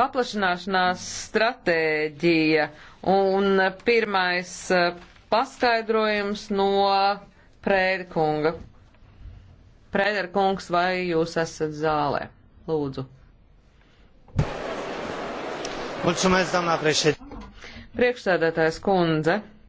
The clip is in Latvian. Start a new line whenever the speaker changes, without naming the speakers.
Paplašināšanās stratēģija un pirmais eh, paskaidrojums no Prēderkunga. Prēderkungs, vai jūs esat zālē? Lūdzu. Mulțumesc, doamna
președinte. Priekšsēdētājs kundze.